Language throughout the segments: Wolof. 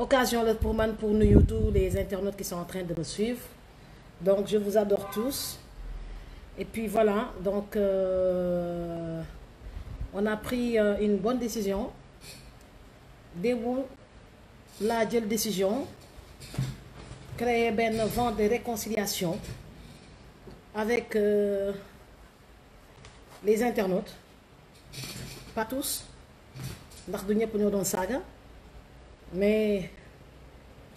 occasion la pour man pour nuyu tous les internautes qui sont en train de me suivre donc je vous adore tous et puis voilà donc euh, on a pris euh, une bonne décision démb laa jël décision créer benn vent des réconciliation avec euh, les internautes pas tous ndax du ñëpp ñoo doon saaga mais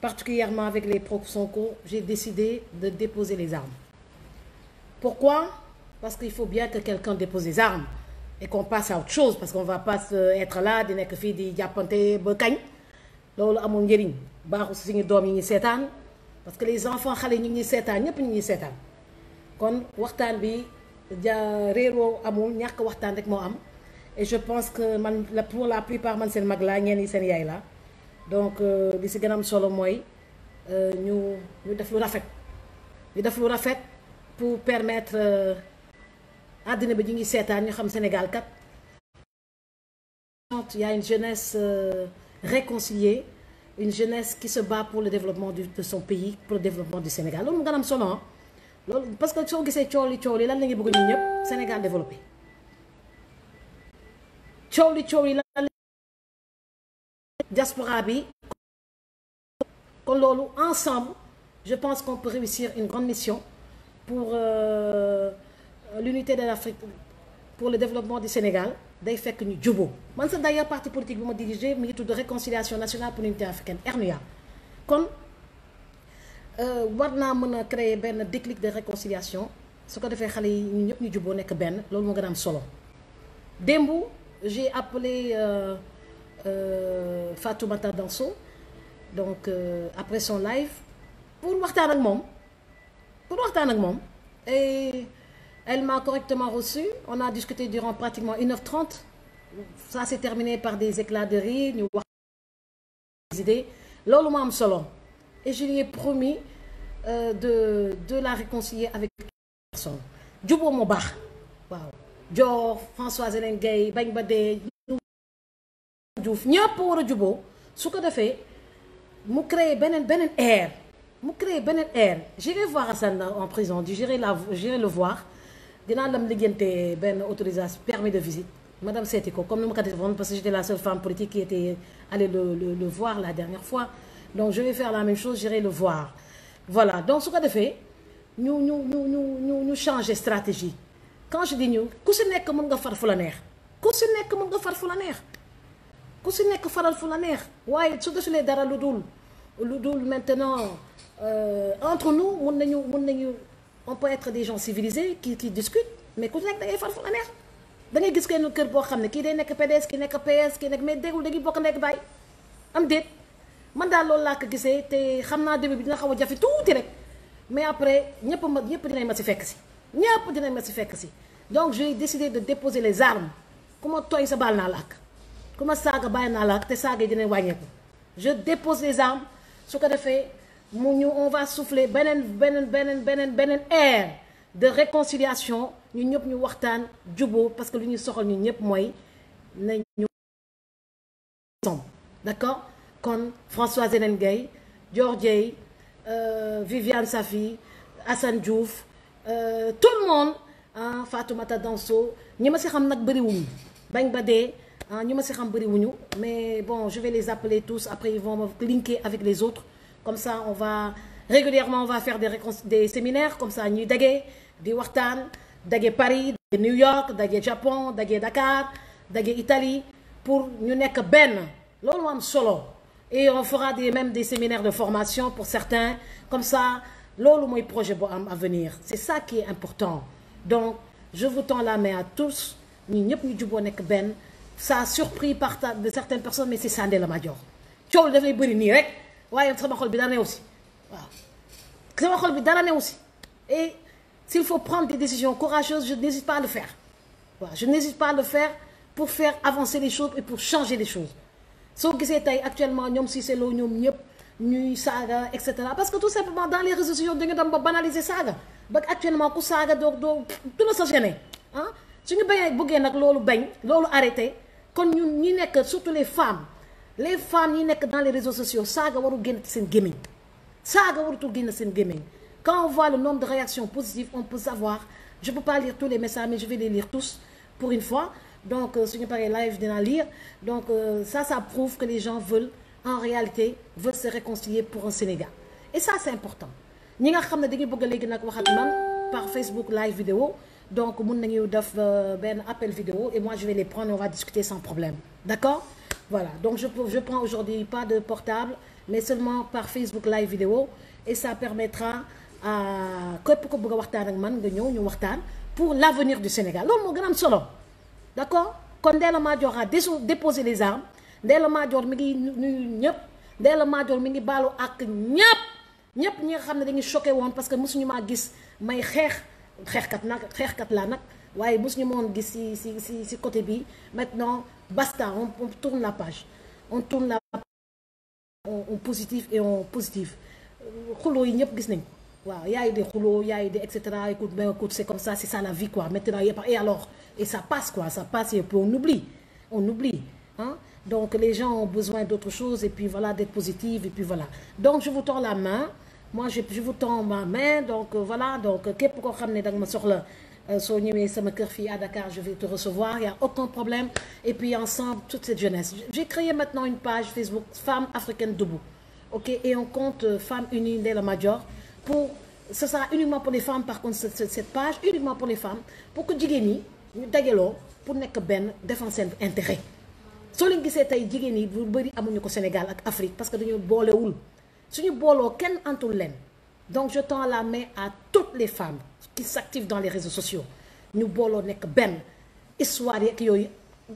particulièrement avec les pro Sonko j'ai décidé de déposer les armes pourquoi parce qu'il faut bien que quelqu'un dépose les armes et qu'on passe à autre chose parce qu'on va pas être là di nekk fii di jàppante ba kañ loolu amoon njëriñ baaxul suñu doom yi ñu seetaan parce que les enfants xale ñu ngi seetaan ñépp ñu ngi seetaan kon waxtaan bi ja réeroo amul ñàkk waxtaan rek moo am et je pense que man la pour la plupart man seen mag la ñeen yi seen la donc euh, li si ganam solo mooy euh, ñu ñu def lu rafet ñu def lu rafet pour permettre euh, àddina bi ñu ngi seetaan ñu xam Sénégal kat il y a une jeunesse réconciliée une jeunesse qui se bat pour le développement de son pays pour le développement du Sénégal loolu mu gën a am solo ah. loolu parce que soo gisee coow li coow li lan la ñuy bëgg ñun ñëpp Sénégal développé coow li coow li diaspora bi kon loolu ensemble je pense qu'on peut réussir une grande mission pour euh, l'unité de l'Afrique pour le développement du Sénégal day fekk ñu juboo man sax d'ailleurs parti politique bi ma dirigé mi ngi tudd réconciliation nationale pour l'unité africaine RNUA kon euh, war naa mën a créer benn déclic de réconciliation su ko defee xale yi ñu ñëpp ñu juboo nekk benn loolu moo gën a am solo démb j'ai appelé euh, Euh, Fatoumata Danso donc euh, après son live pour waxtaan ak moom pour waxtaan ak moom et elle m'a correctement reçu on a discuté durant pratiquement une heure trente ça s'est terminé par des éclats de rire ñu wax des solo et je lui promis euh, de de la réconcilier avec personne juboo moo baax waaw Françoise Hélène Gaye bañ Diouf ñëpp war a juboo su ko defee mu créer beneen beneen air mu créer beneen air j'irai voir Assane en prison di j'irai la j'irai le voir dinaa lam liggéente benn autorisation permis de visite madame seeti ko comme ni ma ko defoon parce que j'étais la seule femme politique qui était allée le, le le voir la dernière fois donc je vais faire la même chose j'irai le voir voilà donc su ko defee ñu ñu ñu ñu ñu ñu changer stratégie quand je dis ñu ku si nekk mën nga far fu la neex nekk mën fu la neex ku si nekk faral fu la neex waaye su desulee dara lu dul lu dul maintenant euh, entre nous mun nañu mun nañu on peut être des gens civilisés qui qui discutent mais ku nekk da ngay far fu la neex da ngay gis kenn kër boo xam ne kii day nekk PDS kii nekk PS kii nekk mais déggul dañuy bokk nekk bàyyi am déet man daal loolu laa gisee te xam naa début bi dina xaw a jafe tuuti rek mais après ñëpp ma ñëpp dinañ ma si fekk si ñëpp dinañ ma si fekk si donc j'ai de déposer les armes ku ma tooñ sa baal naa la ku ma saaga bàyyi naa la te saaga yi dinañ wàññeeku je dépose les su ko defee mu ñu on va souffler beneen beneen beneen beneen beneen air de réconciliation ñu ñëpp ñu waxtaan juboo parce que lu ñuy soxal ñu ñëpp mooy nañ ñu som d'accord kon Françoise Hélène Gaye Georgiey euh, Viviane Safi Assane Diouf euh, tout le monde ah Fatoumata Danso ñi ma si xam nag bëriwuñu bañ ba dee ah ñu ma si xam bëri mais bon je vais les appeler tous après ils vont me linker avec les autres comme ça on va régulièrement on va faire des récon séminaires comme ça ñuy daje di waxtaan daje Paris daje New York daje Japon daje Dakar daje Italie pour ñu nekk benn loolu am solo. et on fera des séminaires de formation pour certains comme ça loolu mooy projet bu am à venir c'est ça qui est important donc je vous tends la main à tous ñun ñëpp ñu juboo nekk benn. ça a surpris par de certaines personnes mais c'est la Madior coow li dafay bëri nii rek waaye sama xol bi dara ne aussi waaw sama xol bi dara ne aussi et s'il faut prendre des décisions courageuses je n'hésite pas à le faire waaw je n'hésite pas à le faire pour faire avancer les choses et pour changer les choses soo gisee tey actuellement ñoom Cissé Lo ñoom ñëpp ñuy saaga et cetera parce que tout simplement dans les réseaux sociaux dañu dem ba banaliser saaga ba actuellement ku saaga doo doo sa gêner ah su ñu bañee bëggee nag loolu bañ loolu arrêté kon ñun ñi nekk surtout les femmes les femmes ñi nekk dans les réseaux sociaux saaga warul génn seen gémmiñ saaga warutul génn seen gémmiñ quand on voit le nombre de réactions positives on peut savoir je peux pas lire tous les messages mais je vais les lire tous pour une fois donc euh, suñu paree live dinaa lire donc euh, ça ça prouve que les gens veulent en réalité veulent se réconcilier pour un Sénégal et ça c'est important ñi nga xam ne dañuy bëgg léegi nag wax ak man par Facebook live vidéo donc mun nañu def euh, benn appel vidéo et moi je vais les prendre on va discuter sans problème d'accord voilà donc je je prends aujourd'hui pas de portable mais seulement par Facebook live vidéo et ça permettra à ko bëgg a waxtaan ak man nga ñëw ñu waxtaan pour l'avenir du Sénégal loolu moo gën a solo d'accord kon Ndella Madior a déposé les armes Ndella Madior mi ngi nuyu ñëpp Ndella Madior mi ngi baalu ak ñëpp ñëpp ñi nga xam ne dañuy choqué woon parce que mosuñu maa gis may xeex. xeexkat nag xeexkat laa nag waaye mosu ñu moon gis si si si si côté bi maintenant basta on, on tourne la page on tourne la page on, positif et on positif xuloo yi ñëpp gis nañ ko waaw yaay de xuloo yaay de et cetera écoute mais écoute c'est comme ça c'est ça la vie quoi maintenant yëpp et alors et ça passe quoi ça passe et puis on oublie on oublie donc les gens ont besoin d'autre chose et puis voilà d'être positive et puis voilà donc je vous tends la main moi je je vous tends ma main donc euh, voilà donc euh, képp koo xam ne danga ma soxla euh, soo ñëwee sama kër fii à Dakar je vais te recevoir il a aucun problème et puis ensemble toute cette jeunesse j'ai créé maintenant une page Facebook Femmes africaines debout ok et on compte Femmes unies Ndella Madior pour ce sera uniquement pour les femmes par contre cette page uniquement pour les femmes pour que jigéen ñi ñu dajaloo pour nekk benn défendre seen intérêt soo leen gisee tey jigéen yi bu bëri amuñu ko Sénégal ak Afrique parce que dañoo boolewul suñu booloo kenn antul leen donc je tends la main à toutes les femmes qui s'activent dans les réseaux sociaux ñu booloo nekk benn histoire yeeg yooyu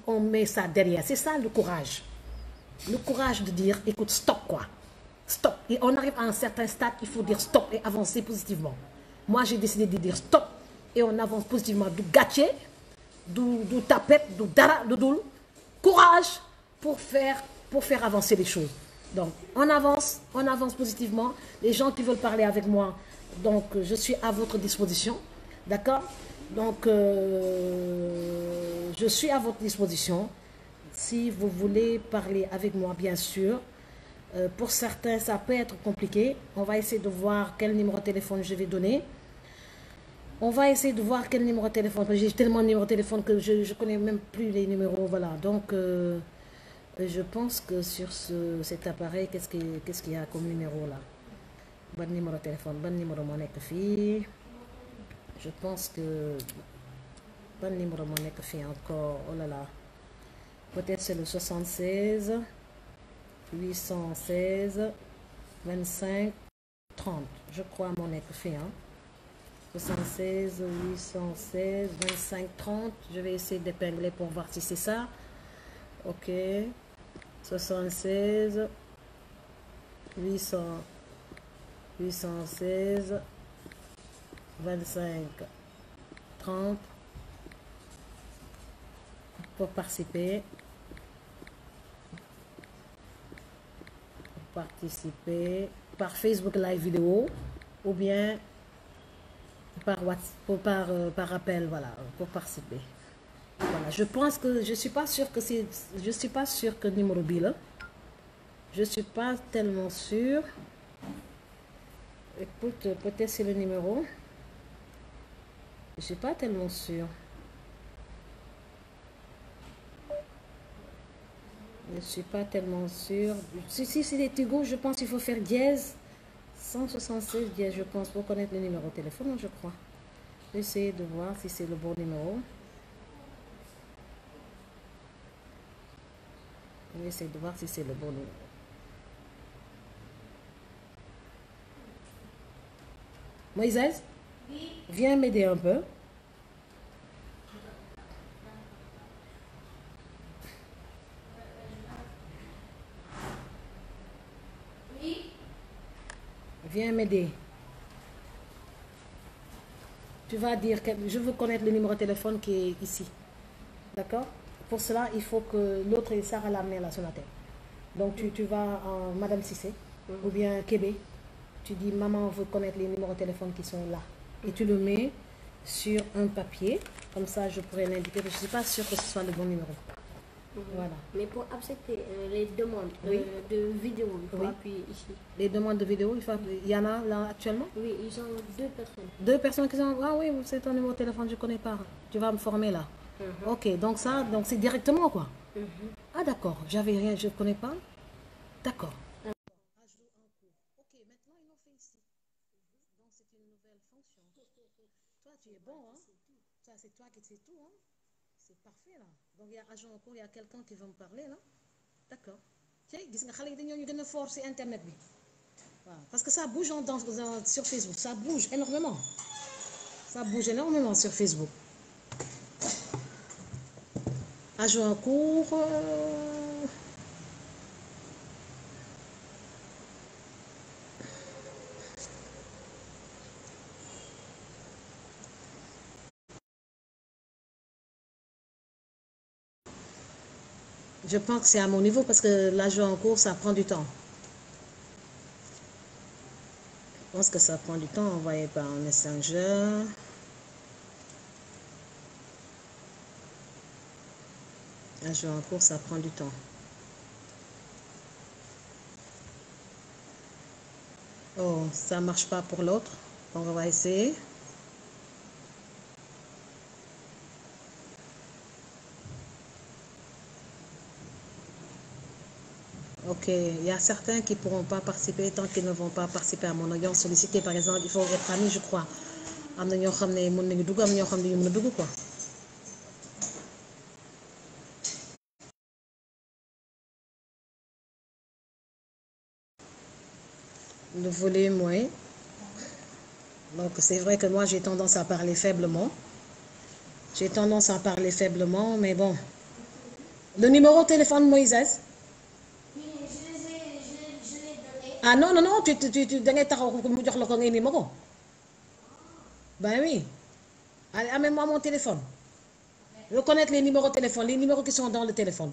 on met ça derrière c'est ça le courage le courage de dire écoute stop quoi stop et on arrive à un certain stade il faut dire stop et avancer positivement moi j'ai décidé de dire stop et on avance positivement du gàcce du du tapette du dara du dul courage pour pour faire avancer les choses Donc, on avance, on avance positivement. Les gens qui veulent parler avec moi, donc euh, je suis à votre disposition. D'accord Donc, euh, je suis à votre disposition. Si vous voulez parler avec moi, bien sûr. Euh, pour certains, ça peut être compliqué. On va essayer de voir quel numéro de téléphone je vais donner. On va essayer de voir quel numéro de téléphone. J'ai tellement de numéros de téléphone que je ne connais même plus les numéros. Voilà. Donc... Euh, je pense que sur ce cet appareil qu'est-ce qu'il y a comme numéro là ban numéro téléphone ban numéro moo nekk fii je pense que ban numéro moo nekk fii encore oh là là peut-être c'est le 76 816 25 30 je crois moo nekk fii ah 76 816 25 30 je vais essayer d'épingler pour voir si c'est ça ok 76 800 816 25 30 pour participer pour participer par Facebook live vidéo ou bien par WhatsApp, par, euh, par appel voilà pour participer je pense que je suis pas sûre que suis pas sûre que numéro bii la je suis pas tellement sûre écoute peut-être c'est le numéro je suis pas tellement sûre je suis pas tellement sûre si si c'est des Tigo je pense qu'il faut faire dièse 176 je pense pour connaître le numéro de téléphone je crois j'essaie de voir si c'est le bon numéro On si c'est le bon numéro. Moïse, oui. viens m'aider un peu. Oui. Viens m'aider. Tu vas dire que je veux connaître le numéro de téléphone qui est pour cela, il faut que l'autre ça à la là sur la Donc tu, vas en Madame Cissé mm. ou bien Québec, tu dis maman veut connaître les numéros de téléphone qui sont là. Et tu le mets sur un papier, comme ça je pourrais l'indiquer, je suis pas sûre que ce soit le bon numéro. Mhm. Mais pour accepter euh, les demandes euh, de vidéo, il faut oui. ici. Les demandes de vidéo, il, faut... y a là actuellement Oui, ils ont deux personnes. qui sont. Ah oui, c'est ton numéro de téléphone, je connais pas. Tu ok donc ça donc c'est directement quoi. ah d'accord j'avais rien je connais pas d'accord. c'est toi qui sais tout, hein? C'est parfait là. Donc il y a agent en cours, il y a quelqu'un qui va me parler là. D'accord. Tiens, gis nga xale yi dañoo ñu gën a fort ci internet bi. Waaw, parce que ça bouge en dans, dans sur Facebook, ça bouge énormément. Ça bouge énormément sur Facebook. à Je pense que c'est à mon niveau parce que la Joincourt, ça prend du temps. Je pense que ça prend du temps. Envoyé par Messenger. Un jeu en cours, ça prend du temps. Oh, ça marche pas pour l'autre. On va essayer. Ok, il y a certains qui ne pourront pas participer tant qu'ils ne vont pas participer à mon audience sollicitée. Par exemple, il faut être amis, je crois. Am na ñoo xam ne mën nañu dugg am ñoo xam ne ñu mën a quoi. le volume mooy donc c'est vrai que moi j'ai tendance à parler faiblement j'ai tendance à parler faiblement mais bon le numéro de téléphone Moïse. ah non non non tu tu tu da ngay taxaw mu jox la ko ngay ni ma ko ben oui allez amène-moi mon téléphone reconnaître les numéros de téléphone les numéros qui sont dans le téléphone.